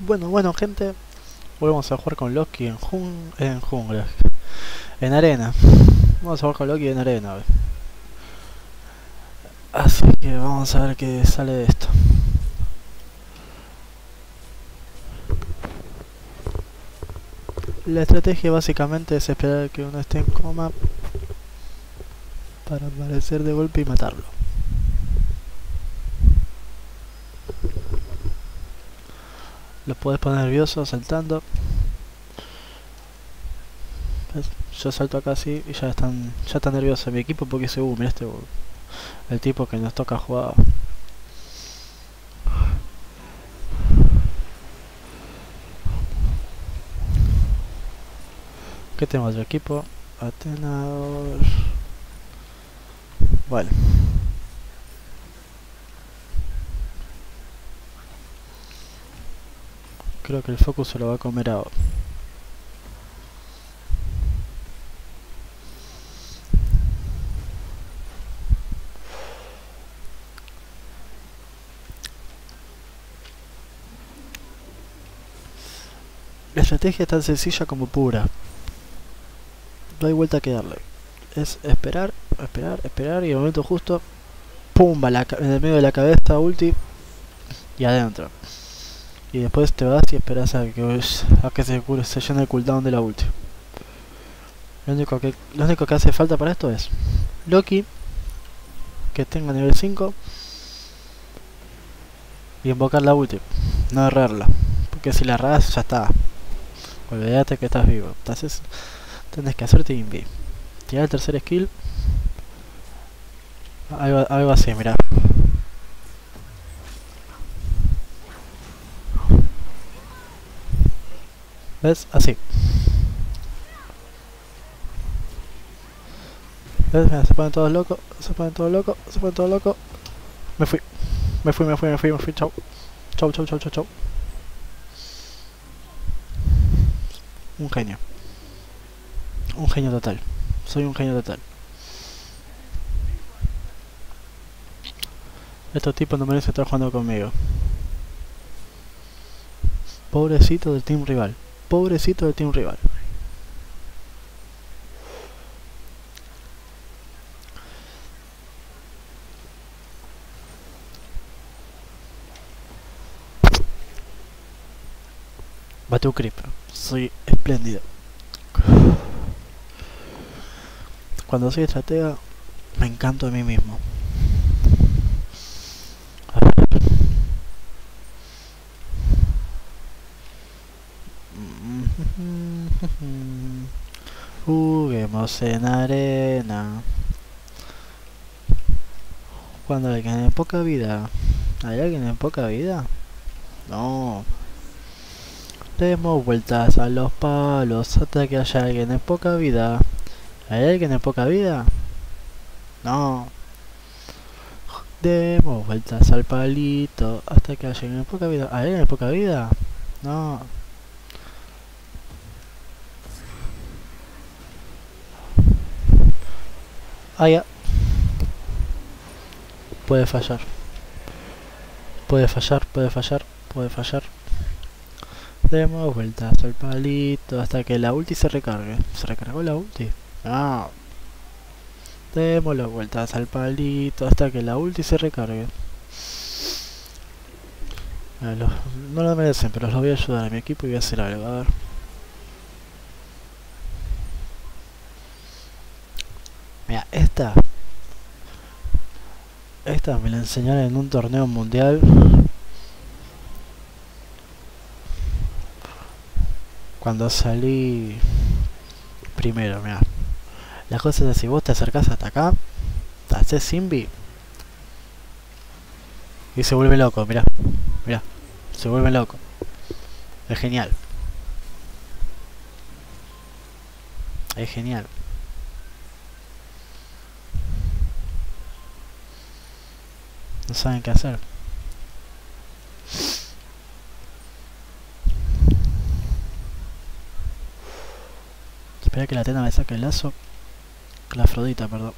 Bueno, bueno gente, vamos a jugar con Loki en, en jungla, en arena. Vamos a jugar con Loki en arena. Así que vamos a ver qué sale de esto. La estrategia básicamente es esperar que uno esté en coma para aparecer de golpe y matarlo. Los puedes poner nerviosos saltando. Yo salto acá así y ya están ya están nerviosos mi equipo porque se uh, este el tipo que nos toca jugar. ¿Qué tenemos de equipo? Atenador. Vale. Creo que el foco se lo va a comer a... La estrategia es tan sencilla como pura. No hay vuelta a darle. Es esperar, esperar, esperar y en el momento justo, pumba, en el medio de la cabeza ulti y adentro. Y después te vas y esperas a que, a que se, se llene el cooldown de la ulti. Lo único, que, lo único que hace falta para esto es Loki, que tenga nivel 5, y invocar la ulti, no errarla. Porque si la erras, ya está. Olvídate que estás vivo. Entonces, tienes que hacerte invi. Tirar el tercer skill. Algo, algo así, mirá. ¿Ves? Así. ¿Ves? se ponen todos locos, se ponen todos locos, se ponen todos locos. Me fui. Me fui, me fui, me fui, me fui. Chau. Chau, chau, chau, chau, chau. Un genio. Un genio total. Soy un genio total. Estos tipos no merecen estar jugando conmigo. Pobrecito del team rival. Pobrecito de un Rival. Bate un Soy espléndido. Cuando soy estratega, me encanto de mí mismo. en arena. Cuando hay alguien en poca vida. ¿Hay alguien en poca vida? No. Demos vueltas a los palos hasta que haya alguien en poca vida. ¿Hay alguien en poca vida? No. Demos vueltas al palito hasta que haya alguien en poca vida. ¿Hay alguien en poca vida? No. Ah, ya. Puede fallar. Puede fallar, puede fallar, puede fallar. Demos vueltas al palito hasta que la ulti se recargue. ¿Se recargó la ulti? Ah. Demos las vueltas al palito hasta que la ulti se recargue. Ah, no lo merecen, pero los voy a ayudar a mi equipo y voy a hacer algo. A ver. Mira, esta. Esta me la enseñaron en un torneo mundial. Cuando salí primero, mira. La cosa es así, vos te acercás hasta acá, te haces Simbi y se vuelve loco, mira, mira, se vuelve loco. Es genial. Es genial. no saben qué hacer. Espera que la tena me saque el lazo. La Afrodita, perdón.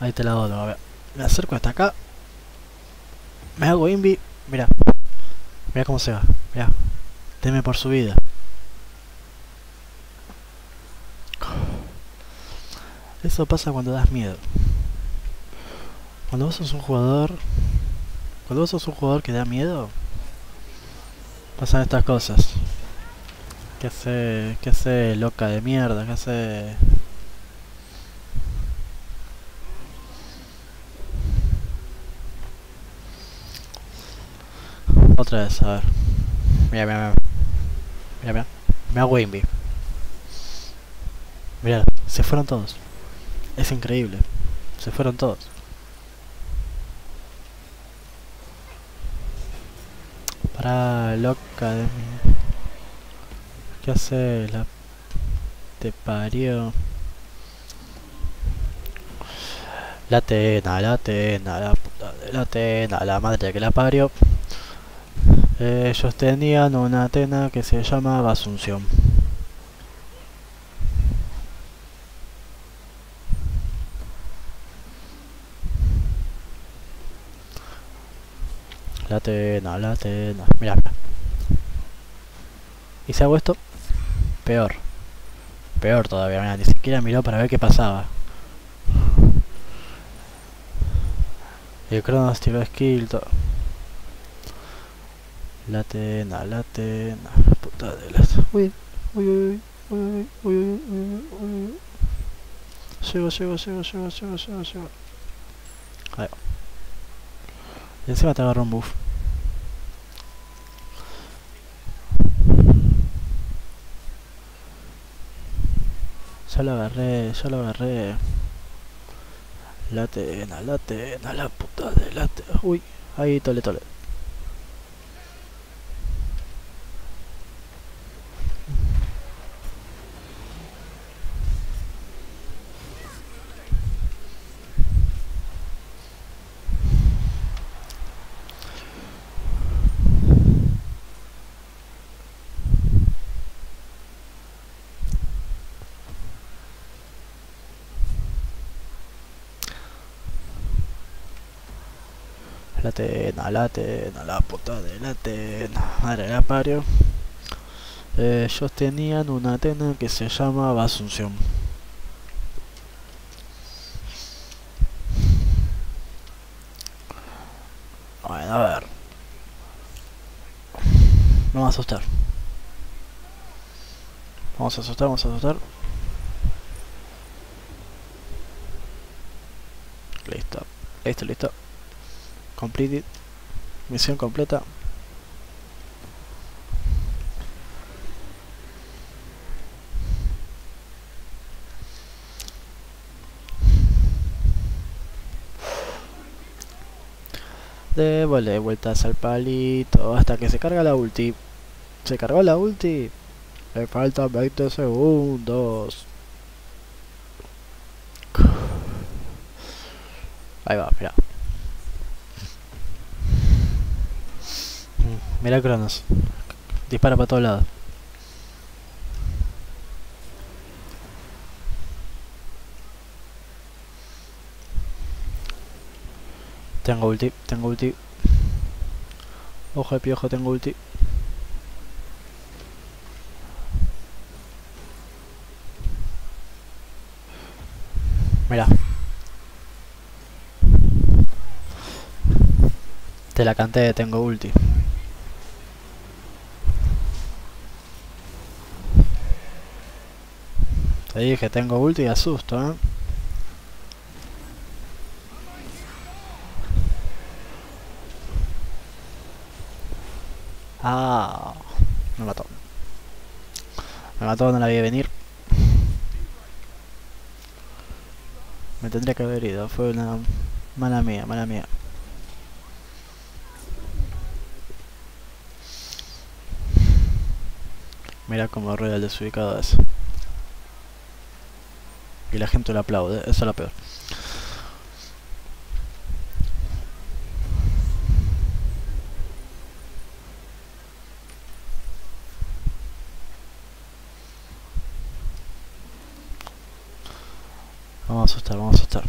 Ahí te la doy, a ver. Me acerco hasta acá. Me hago invi. Mira. Mira cómo se va. Mira. Teme por su vida. Eso pasa cuando das miedo. Cuando vos sos un jugador. Cuando vos sos un jugador que da miedo. Pasan estas cosas. Que hace. que hace loca de mierda, que hace. Otra vez, a ver. Mira, mira, mira. Mira, mira. Mira Wimby. Mira, se fueron todos. Es increíble. Se fueron todos. Para loca de ¿Qué hace la... Te parió. La tena, la tena, la puta de la tena, la madre que la parió. Ellos tenían una tena que se llamaba Asunción. Latena, latena. Mira, mira. Y se ha esto, peor. Peor todavía, mira, ni siquiera miró para ver qué pasaba. Y el Cronos tiró skill, todo. la tena, Puta de las. Uy, uy, uy, uy, uy, uy, uy, uy, uy. Llego, llego, llego, llego, llego, llego, llego. Ya se va te agarrar un buff. Ya lo agarré, ya lo agarré. La tena, la tena, la puta de la Uy, ahí tole tole. La tena, la tena, la puta de la tena, madre la pario. Ellos tenían una tena que se llamaba Asunción. Bueno, a ver. Vamos a asustar. Vamos a asustar, vamos a asustar. Listo, este, listo, listo. Completed. Misión completa. Dévole vueltas al palito hasta que se carga la ulti. Se cargó la ulti. Le faltan 20 segundos. Ahí va, espera. Mira Cronos. Dispara para todos lados. Tengo ulti, tengo ulti. Ojo de piojo, tengo ulti. Mira. Te la canté, tengo ulti. Te dije, tengo ulti y asusto, ¿eh? Ah, me mató. Me mató, no la vi venir. Me tendría que haber ido, fue una mala mía, mala mía. Mira como rueda el desubicado eso que la gente lo aplaude, eso es lo peor. Vamos a asustar, vamos a asustar.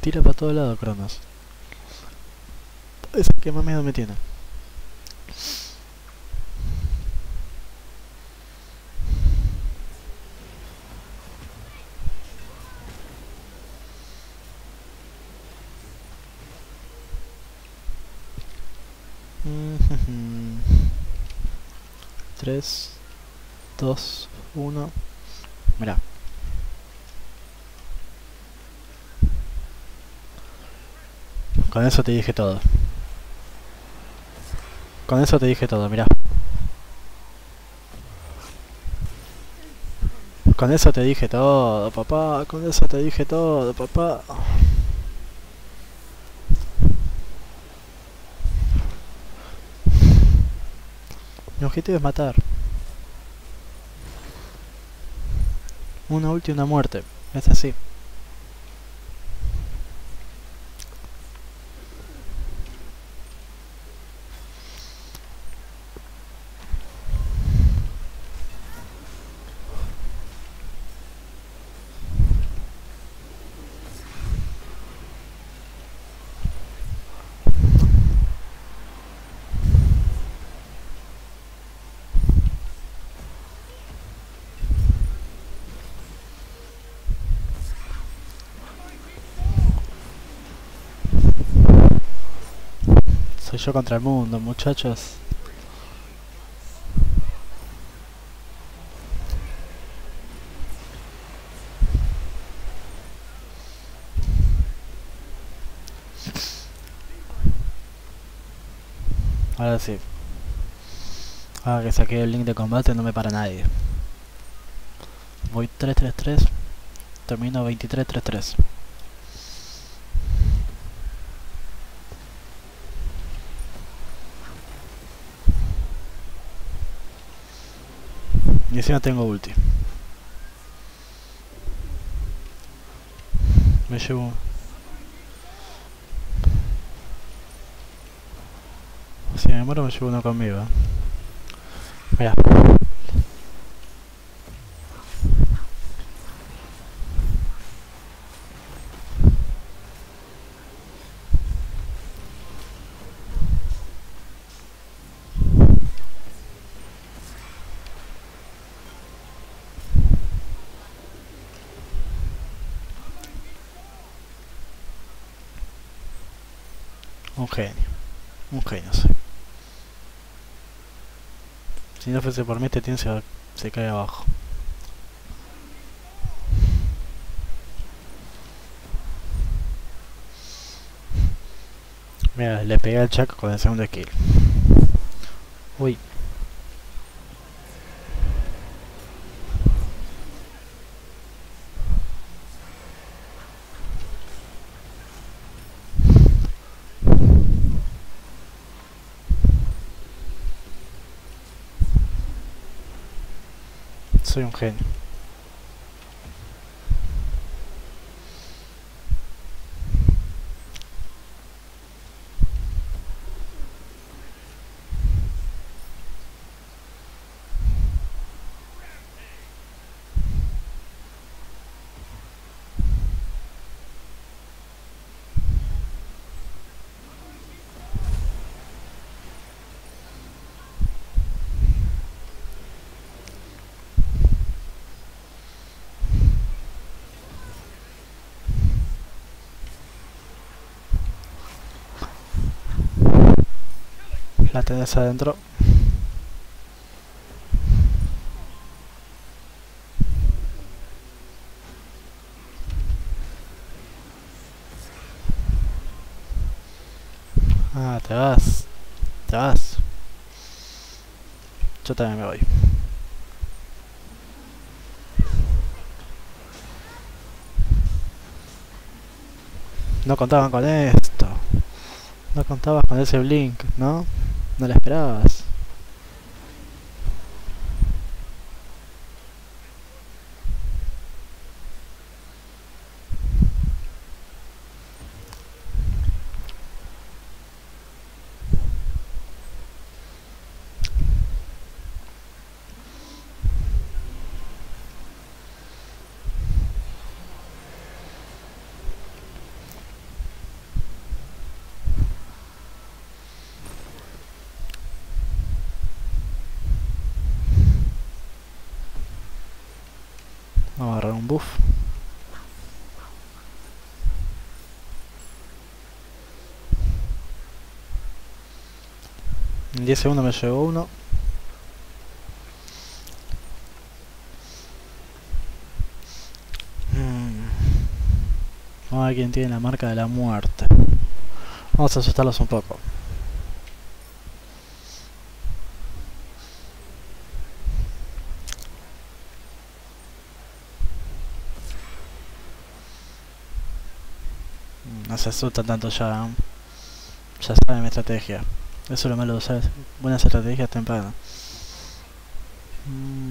Tira para todo lado, Cronos. Es que más miedo me tiene. 3, 2, 1. Mirá. Con eso te dije todo. Con eso te dije todo, mirá. Con eso te dije todo, papá. Con eso te dije todo, papá. Mi objetivo es matar. Una última una muerte. Es así. Soy yo contra el mundo, muchachos. Ahora sí. Ahora que saqué el link de combate no me para nadie. Voy 333. Termino 2333. si no tengo ulti. Me llevo... Si me muero me llevo uno conmigo. ¿eh? Mira. genio. Un genio, sí. Si no fuese por mí, este se, se cae abajo. Mira, le pegué al Chuck con el segundo skill. Uy. en Ukraine. tenés adentro ah te vas te vas yo también me voy no contaban con esto no contabas con ese blink, ¿no? No la esperabas. En 10 segundos me llegó uno. No mm. a ver tiene la marca de la muerte. Vamos a asustarlos un poco. no se asusta tanto ya. Ya saben mi estrategia. Eso es lo malo de usar buenas estrategias tempranas. Mm.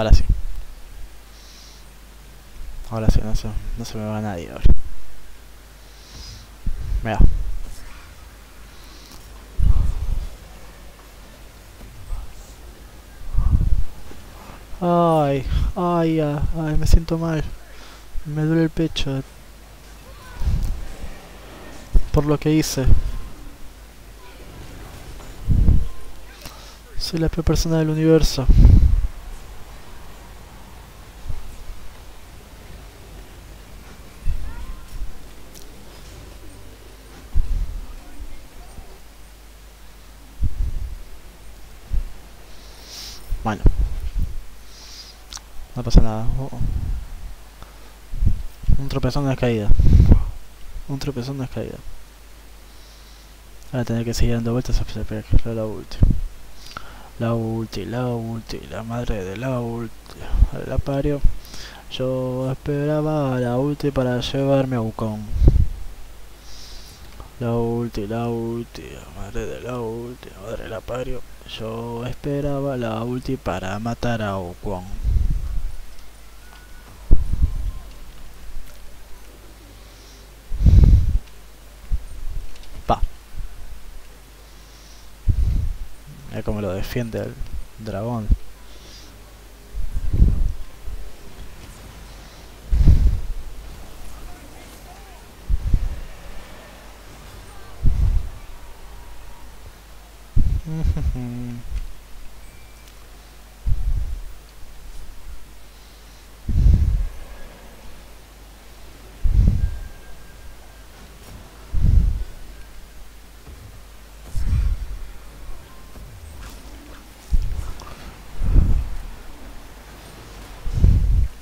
Ahora sí. Ahora sí, no se, no se me va nadie ahora. Mira. Ay, ay, ay, ay, me siento mal. Me duele el pecho. Por lo que hice. Soy la peor persona del universo. Bueno. No pasa nada. Oh, oh. Un tropezón no es caída. Un tropezón no es caída. Voy a tener que seguir dando vueltas a la ulti. La ulti, la ulti, la madre de la ulti. La pario. Yo esperaba la ulti para llevarme a Wukong. La ulti, la ulti, la madre de la última la madre de la pario. Yo esperaba la ulti para matar a Okwon. Pa. Es como lo defiende el dragón.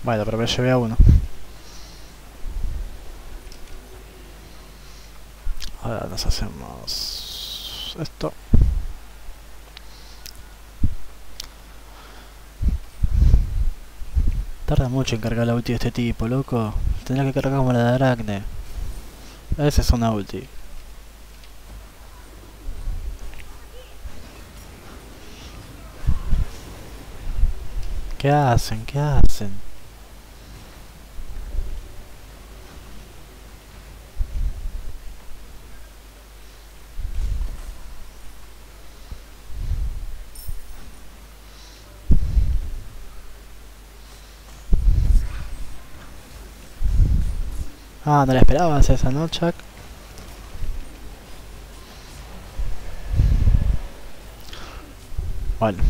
Vale, pero llevé a uno. Ahora nos hacemos esto. Tarda mucho en cargar la ulti de este tipo, loco. Tendría que cargar como la de Aracne. Ese es una ulti. ¿Qué hacen? ¿Qué hacen? Ah, no la esperabas esa, noche Bueno.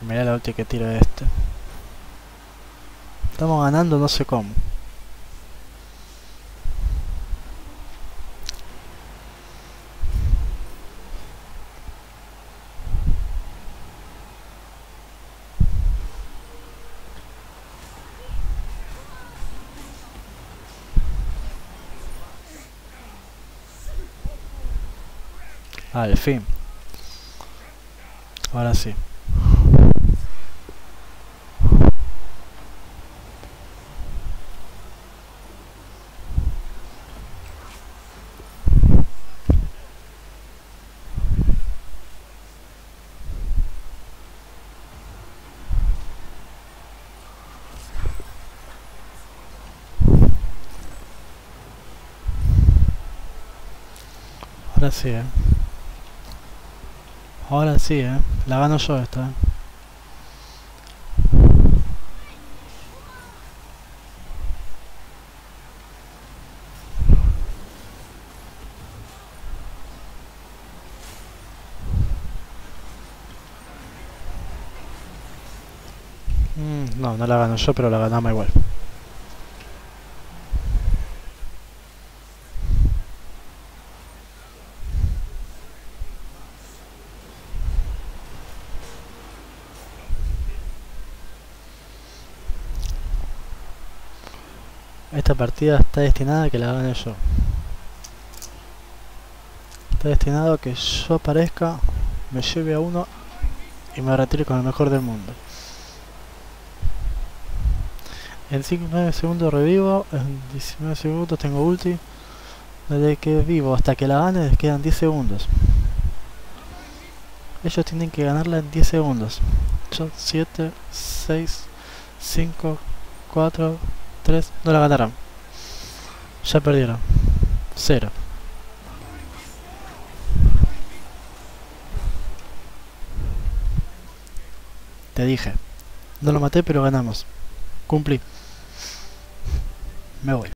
Mira la última que tiro de este. Estamos ganando no sé cómo. Al ah, fin. Ahora sí. Ahora sí, ¿eh? Ahora sí, eh. La gano yo esta. Eh. Mm, no, no la gano yo, pero la ganamos igual. partida está destinada a que la gane yo. Está destinado a que yo aparezca, me lleve a uno y me retire con el mejor del mundo. En 9 segundos revivo, en 19 segundos tengo ulti. Desde que vivo hasta que la gane les quedan 10 segundos. Ellos tienen que ganarla en 10 segundos. 7, 6, 5, 4, 3, no la ganarán ya perdieron. Cero. Te dije. No lo maté, pero ganamos. Cumplí. Me voy.